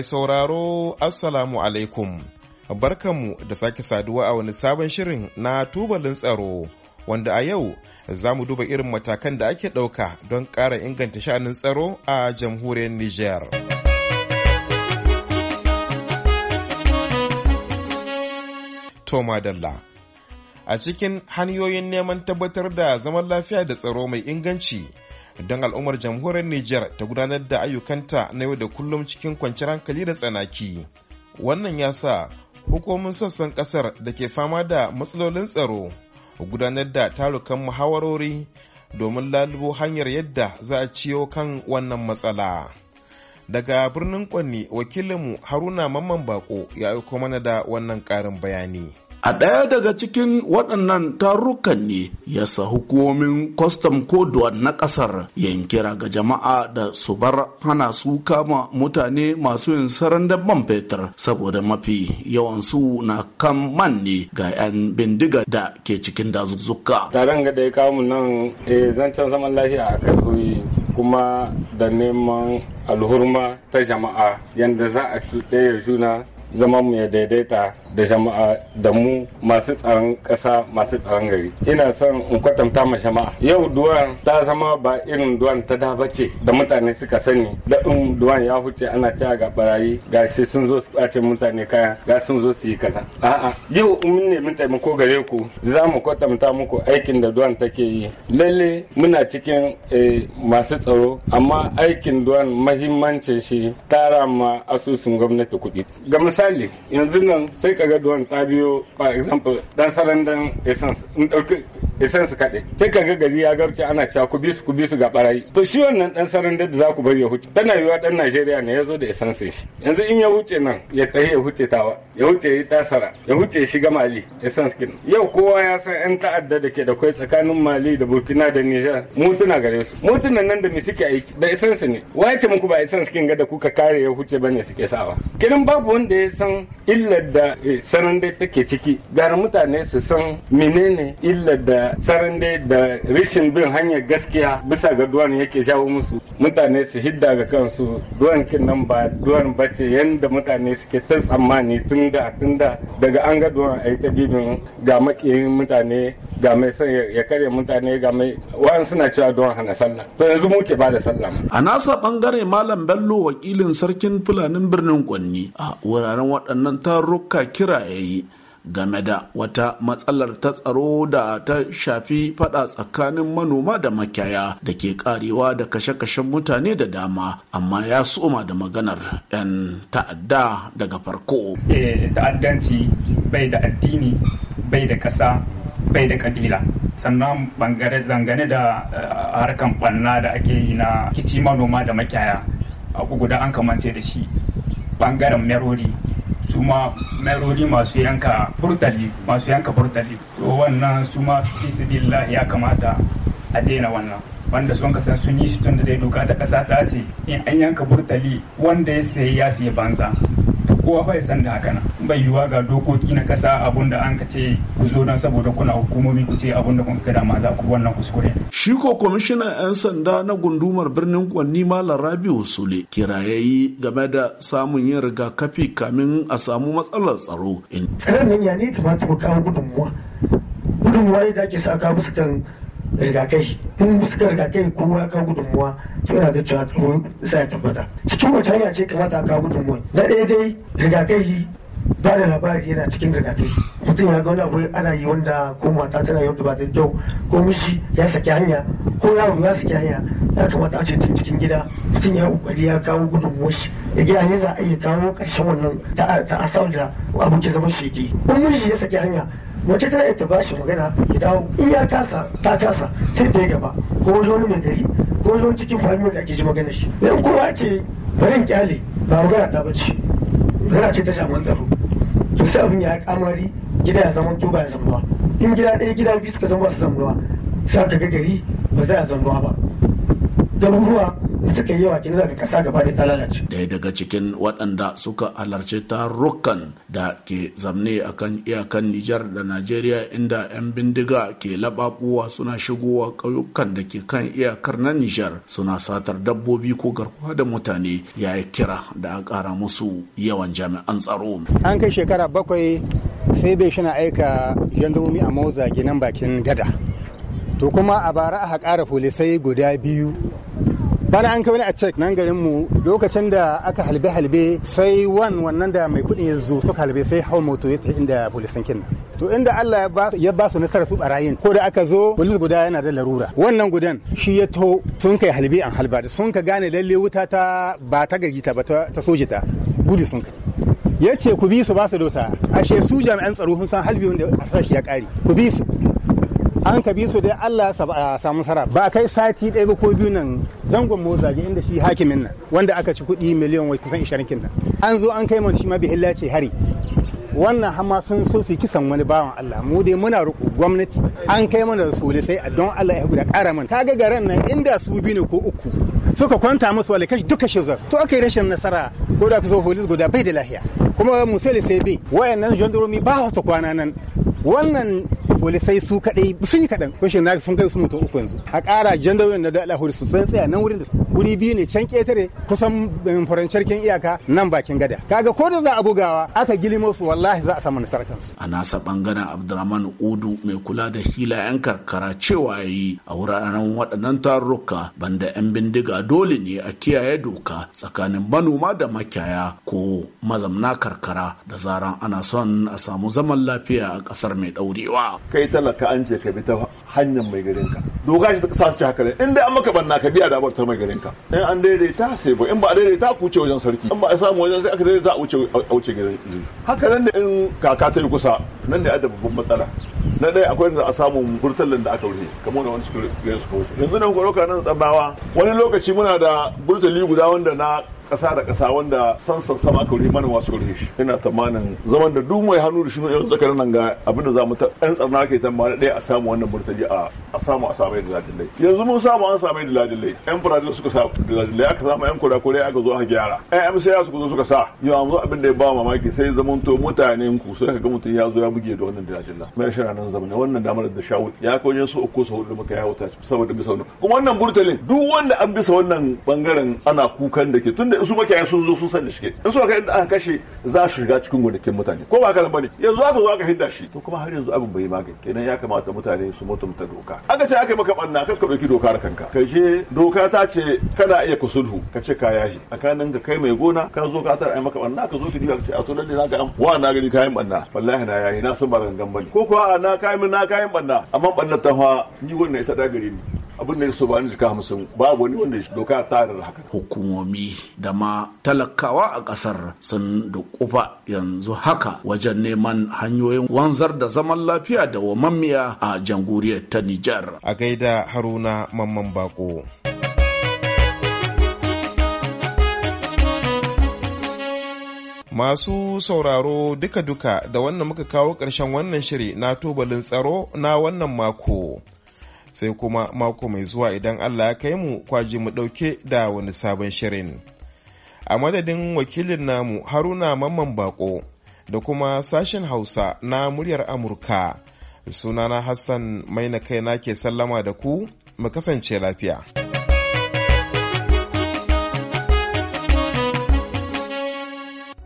Mai sauraro Assalamu alaikum. Barkanmu da sake saduwa a wani sabon shirin na tubalin tsaro wanda a yau za mu duba irin matakan da ake ɗauka don ƙara inganta sha'anin tsaro a jamhuriyar Nijar. tomadalla A cikin hanyoyin neman tabbatar da zaman lafiya da tsaro mai inganci don al'ummar jamhuriyar Nijar ta gudanar da ayyukanta na yau da kullum cikin kwanciyar hankali da tsanaki. Wannan ya sa hukumomin sassan kasar da ke fama da matsalolin tsaro gudanar da tarukan muhawarori domin lalubo hanyar yadda za a ciyo kan wannan matsala. Daga birnin Kwanni wakilinmu Haruna Mamman Bako ya aiko mana da wannan ƙarin bayani. A ɗaya daga cikin waɗannan tarukan ne ya sa hukumomin kwastam koduwa na ƙasar yin kira ga jama'a da su bar hana su kama mutane masu yin saran man fetur saboda mafi yawan su na kan man ne ga 'yan bindiga da ke cikin dazuzzuka. Taron ga da ya kamu nan eh, zancen zaman lafiya a kan kuma da neman alhurma ta jama'a yadda za a juna zama mu ya daidaita da jama'a da mu masu tsaron ƙasa masu tsaron gari ina son in kwatanta ma jama'a yau duwan ta zama ba irin duwan ta da bace da mutane suka sani da in duwan ya huce ana cewa ga barayi ga shi sun zo su ɓace mutane kaya ga sun zo su yi kaza a'a yau in mun nemi taimako gare ku za mu kwatanta muku aikin da duwan take yi lalle muna cikin eh, masu tsaro amma aikin duwan mahimmancin shi tara ma asusun gwamnati kuɗi ga misali yanzu nan sai kaga duwan ta biyo for example dan sarandan essence in isan eh, su kaɗe sai ka ga gari ya garce ana cewa ku bisu ku bisu ga barayi to shi wannan dan sarin da za ku bari ya huce tana yiwa dan Najeriya ne ya zo da isan shi yanzu in ya huce nan ya tahi ya huce tawa ya huce ya tasara ya huce shiga Mali isan skin yau kowa ya san yan ta'adda da ke da kai tsakanin Mali da Burkina da Niger mutuna gare su mutunan nan da mi suke aiki da isan su ne wace muku ba isan skin ga da kuka kare ya huce bane suke sawa kiran babu wanda ya san illar da eh, sarin da take ciki gara mutane su san menene illar da sarin dai da rishin bin hanyar gaskiya bisa ga duwan yake shawo musu mutane su hidda ga kansu duwan kin nan ba duwan bace yanda mutane suke ta tsammani tun da tun da daga an ga duwan ai ta dibin ga makiyin mutane ga mai son ya karya mutane ga mai wa'an suna cewa duwan hana sallah to yanzu muke ba da sallah a nasa bangare malam bello wakilin sarkin fulanin birnin kwanni a wuraren waɗannan tarurruka kira yayi game da wata matsalar ta tsaro da ta shafi fada tsakanin manoma da makiyaya da ke karewa da kashe-kashen mutane da dama amma ya soma da maganar 'yan ta'adda daga farko. Eh, ta'addanci bai da addini bai da ƙasa bai da kabila sannan bangare zangane da eh, harkan ɓanna da ake yi na kici manoma da makiyaya a guda an kamance da shi bangaren merori su ma merori masu yanka burtali masu yanka burtali to wannan su ma ya kamata a daina wannan wanda sun kasan sun yi shi tun da dai doka ta kasa ta ce in an yanka burtali wanda ya sayi ya sayi banza kowa bai san da haka bai yiwuwa ga dokoki na kasa abun da an ka ku zo don saboda kuna hukumomi ku ce abun da kun ka dama za ku wannan kuskure. Shi ko kwamishinan 'yan sanda na gundumar birnin Kwanni Malam Rabiu Sule kirayayi game da samun yin rigakafi kamin a samu matsalar tsaro. Tsaron ne ya ne ta mu kawo gudunmuwa. Gudunmuwa ne da ake sa ka musu kan rigakafi. In musu kan rigakafi kowa ka yana da cewa sa ya tabbata cikin wata hanya ce kamata a kawo gudunmuwa na ɗaya dai rigakafi ba da labari yana cikin rigakafi mutum ya ga wani abu ana yi wanda ko mata tana yau da ba ta kyau ko mishi ya saki hanya ko yaro ya saki hanya ya kamata a ce tun cikin gida mutum ya kokari ya kawo gudun shi ya gida ne za a iya kawo karshen wannan ta asar da abu ke zama shege in mishi ya saki hanya wace tana iya ta shi magana ya dawo in ya kasa ta kasa sai ta yi gaba ko wani mai gari goyo cikin hanyoyin da ake ji magana shi yan kowa ce barin kyale ba magana ta bace magana ce ta jaman tsaro to sai abin ya kamari gida ya zama ba ya zama in gida ɗaya gida biyu suka zama su zama sai ka ga gari ba za a zama ba ruwa suke yi yawa kin zaka kasa gaba da ta lalace daya daga cikin waɗanda suka halarci tarukan da ke zamne akan iyakan Nijar da Najeriya inda 'yan bindiga ke lababuwa suna shigowa ƙauyukan da ke kan iyakar na Nijar suna satar dabbobi ko garkuwa da mutane ya yi kira da a ƙara musu yawan jami'an tsaro. An kai shekara bakwai sai bai na aika jandarumi a mauza ginin bakin gada. To kuma a bara aka ƙara folisai guda biyu bana an kai wani a cek nan garin mu lokacin da aka halbe halbe sai wan wannan da mai kudin ya zo suka halbe sai hawan moto ya tafi inda polisan kinna to inda Allah ya ba su nasara su barayin ko da aka zo polis guda yana da larura wannan gudan shi ya to sun kai halbe an halba da sun ka gane lalle wuta ta ba ta gari ta ba ta soji ta gudu sun ka ya ce ku bi su ba su dota ashe su jami'an tsaro sun san halbi wanda a ya kare ku bi su an kabi bi su dai Allah ya samu sara ba kai sati ɗaya ba ko biyu nan zangon mozaje inda shi hakimin nan wanda aka ci kuɗi miliyan wai kusan 20 kin nan an zo an kai mana shi ma bihilla ce hari wannan hama sun so su kisan wani bawan Allah mu dai muna roƙo gwamnati an kai mana da sole sai don Allah ya guda ƙara mana kaga garan nan inda su bi ne ko uku suka kwanta musu wale kashi duka shi to aka yi rashin nasara ko da kusa police guda bai da lahiya kuma musali sai bai wayannan jandaromi ba su kwana nan wannan sai su kadai sun yi kadan ko na sun kai su mutu uku yanzu a ƙara jandawin na da alahuri su tsaya nan wurin da guri biyu ne can ƙetare, kusan eh, farancarkin iyaka nan bakin gada kaga ko da za a bugawa aka gilimo su wallahi za a samu nasarar kansu a nasa bangaren abdurrahman udu mai kula da hila yan karkara cewa yi a wuraren waɗannan tarurruka banda yan bindiga dole ne a kiyaye doka tsakanin manoma da makiyaya ko mazamna karkara da zaran ana son a samu zaman lafiya a ƙasar mai ɗaurewa kai talaka an ce ka bi ta hanyar mai garinka doga shi ta kasa haka ne in dai an maka banna ka biya da ta mai garin ka in an daidaita sai ba in ba daidaita ku wuce wajen sarki in ba a samu wajen sai aka daidaita a wuce garin haka nan da in kaka ta yi kusa nan ne da babban matsala na dai akwai da a samu burtalin da aka wuce. kamar wani cikin garin suka wuce yanzu nan kwaroka nan tsabawa wani lokaci muna da burtali guda wanda na kasa da kasa wanda sansan sama ka rufe mana wasu rufe shi ina tamanin zaman da duk mai hannu da shi yanzu zakarin nan ga abin da za mu ta ɗan tsarna ke da ɗaya a samu wannan burtaji a samu a samai da ladilai yanzu mun samu an samai da ladilai yan furadil suka sa da ladilai aka samu yan kurakurai aka zo a gyara yan MCA suka zo suka sa yau amma abin da ya ba mamaki sai zaman to mutanen ku sai ka ga mutum ya zo ya buge da wannan ladillai mai shara nan zaman wannan damar da shawu ya kawo su uku su da muka yawo ta saboda bisa wannan kuma wannan burtalin duk wanda an bisa wannan bangaren ana kukan da ke tunda sai su makiyayan sun zo sun san da shike in suka kai aka kashe za su shiga cikin gonakin mutane ko ba haka bane yanzu aka zo aka hidda shi to kuma har yanzu abin bai magani kenan ya kamata mutane su mutunta doka aka ce aka yi maka banna kar ka dauki da kanka kai je doka ta ce kana iya kusulhu ka ce ka yahi tsakanin ka kai mai gona ka zo ka tara ai maka banna ka zo ki diba ka ce a to lalle na ga wa na gani kayan banna wallahi na yahi na san ba gangan bane ko kuwa na kayan na kayan banna amma banna ta fa ni wannan ita da gare ni abin da ya so bani jika hamsin ba wani wanda doka ta da haka hukumomi da ma talakawa a kasar sun da kufa yanzu haka wajen neman hanyoyin wanzar da zaman lafiya da wa mamiya a jamhuriyar ta Nijar a gaida Haruna Mamman Bako Masu sauraro duka-duka da wannan muka kawo ƙarshen wannan shiri na tubalin tsaro na wannan mako. sai kuma mako mai zuwa idan Allah ya kai mu kwaji mu ɗauke da wani sabon shirin. A madadin wakilin namu Haruna Mamman Bako da kuma sashen Hausa na muryar Amurka, sunana Hassan mai na kaina ke sallama da ku, mu kasance lafiya.